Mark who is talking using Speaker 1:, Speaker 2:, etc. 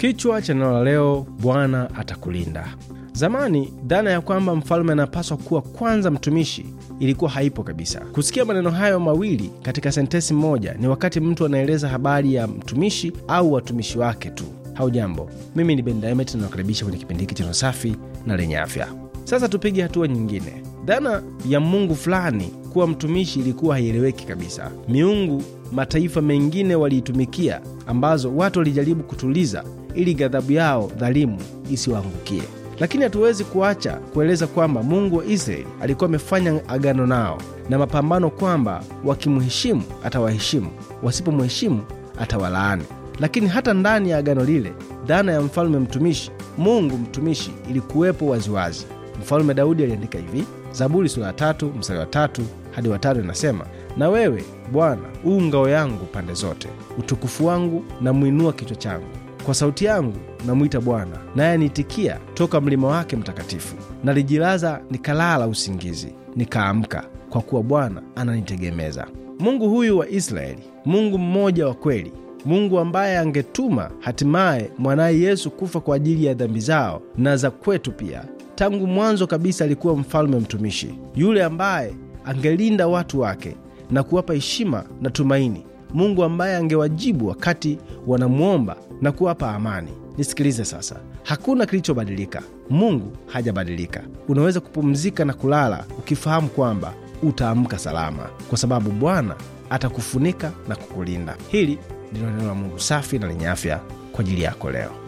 Speaker 1: Kichwa cha neno la leo, Bwana atakulinda. Zamani dhana ya kwamba mfalme anapaswa kuwa kwanza mtumishi ilikuwa haipo kabisa. Kusikia maneno hayo mawili katika sentensi moja ni wakati mtu anaeleza habari ya mtumishi au watumishi wake tu. Haujambo, mimi ni Ben Diamond, nawakaribisha kwenye kipindi hiki cha neno safi na lenye afya. Sasa tupige hatua nyingine. Dhana ya mungu fulani kuwa mtumishi ilikuwa haieleweki kabisa. Miungu mataifa mengine waliitumikia ambazo watu walijaribu kutuliza ili ghadhabu yao dhalimu isiwaangukie. Lakini hatuwezi kuacha kueleza kwamba Mungu wa Israeli alikuwa amefanya agano nao na mapambano, kwamba wakimheshimu atawaheshimu, wasipomheshimu atawalaani. Lakini hata ndani ya agano lile, dhana ya mfalme mtumishi, Mungu mtumishi, ilikuwepo waziwazi. Mfalme Daudi aliandika hivi, Zaburi sura ya tatu mstari wa tatu hadi watano inasema, na wewe Bwana uu ngao yangu pande zote, utukufu wangu na mwinua kichwa changu kwa sauti yangu namwita Bwana, naye aniitikia toka mlima wake mtakatifu. Nalijilaza nikalala usingizi, nikaamka, kwa kuwa Bwana ananitegemeza. Mungu huyu wa Israeli, Mungu mmoja wa kweli, Mungu ambaye angetuma hatimaye mwanaye Yesu kufa kwa ajili ya dhambi zao na za kwetu pia. Tangu mwanzo kabisa alikuwa mfalme mtumishi, yule ambaye angelinda watu wake na kuwapa heshima na tumaini Mungu ambaye angewajibu wakati wanamwomba na kuwapa amani. Nisikilize sasa, hakuna kilichobadilika. Mungu hajabadilika. Unaweza kupumzika na kulala ukifahamu kwamba utaamka salama, kwa sababu Bwana atakufunika na kukulinda. Hili ndilo neno la Mungu safi na lenye afya kwa ajili yako leo.